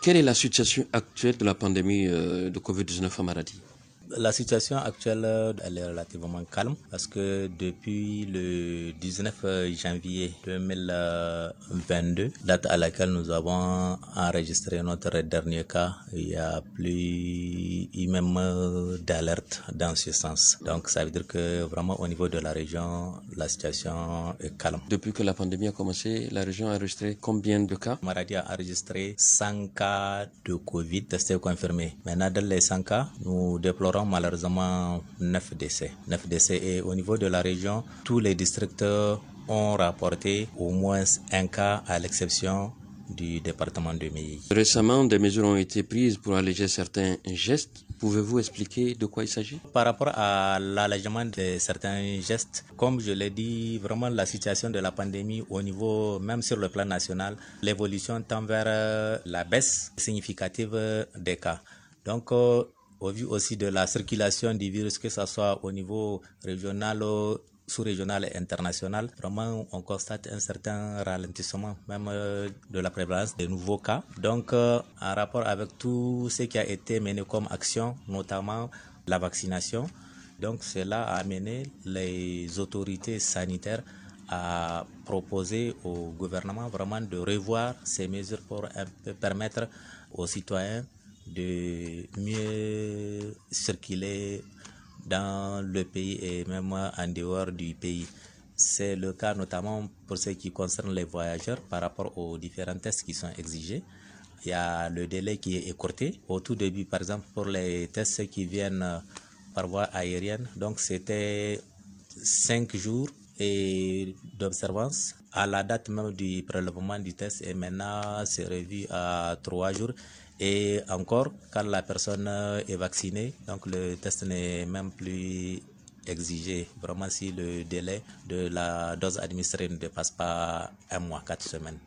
quelle est la situation actuelle de la pandémie euh, de Covid-19 à Maradi la situation actuelle, euh, elle est relativement calme parce que depuis le 19 euh, janvier 2022, euh, date à laquelle nous avons enregistré notre dernier cas, il n'y a plus même d'alerte dans ce sens. Donc ça veut dire que vraiment au niveau de la région, la situation est calme. Depuis que la pandémie a commencé, la région a enregistré combien de cas Maradi a enregistré 100 cas de Covid testés confirmé. Maintenant, dans les 100 cas, nous déplorons malheureusement 9 décès. 9 décès et au niveau de la région, tous les districts ont rapporté au moins un cas à l'exception du département de Meilly. Récemment, des mesures ont été prises pour alléger certains gestes. Pouvez-vous expliquer de quoi il s'agit Par rapport à l'allègement de certains gestes, comme je l'ai dit, vraiment la situation de la pandémie au niveau, même sur le plan national, l'évolution tend vers euh, la baisse significative euh, des cas. Donc, euh, au vu aussi de la circulation du virus, que ce soit au niveau régional, sous-régional et international, vraiment on constate un certain ralentissement même euh, de la prévalence des nouveaux cas. Donc euh, en rapport avec tout ce qui a été mené comme action, notamment la vaccination, donc cela a amené les autorités sanitaires à proposer au gouvernement vraiment de revoir ces mesures pour euh, permettre aux citoyens de mieux circuler dans le pays et même en dehors du pays. C'est le cas notamment pour ce qui concerne les voyageurs par rapport aux différents tests qui sont exigés. Il y a le délai qui est écourté. Au tout début, par exemple, pour les tests qui viennent par voie aérienne, donc c'était 5 jours et d'observance. À la date même du prélèvement du test, et maintenant, c'est revu à trois jours. Et encore, quand la personne est vaccinée, donc le test n'est même plus exigé. Vraiment, si le délai de la dose administrée ne dépasse pas un mois, quatre semaines.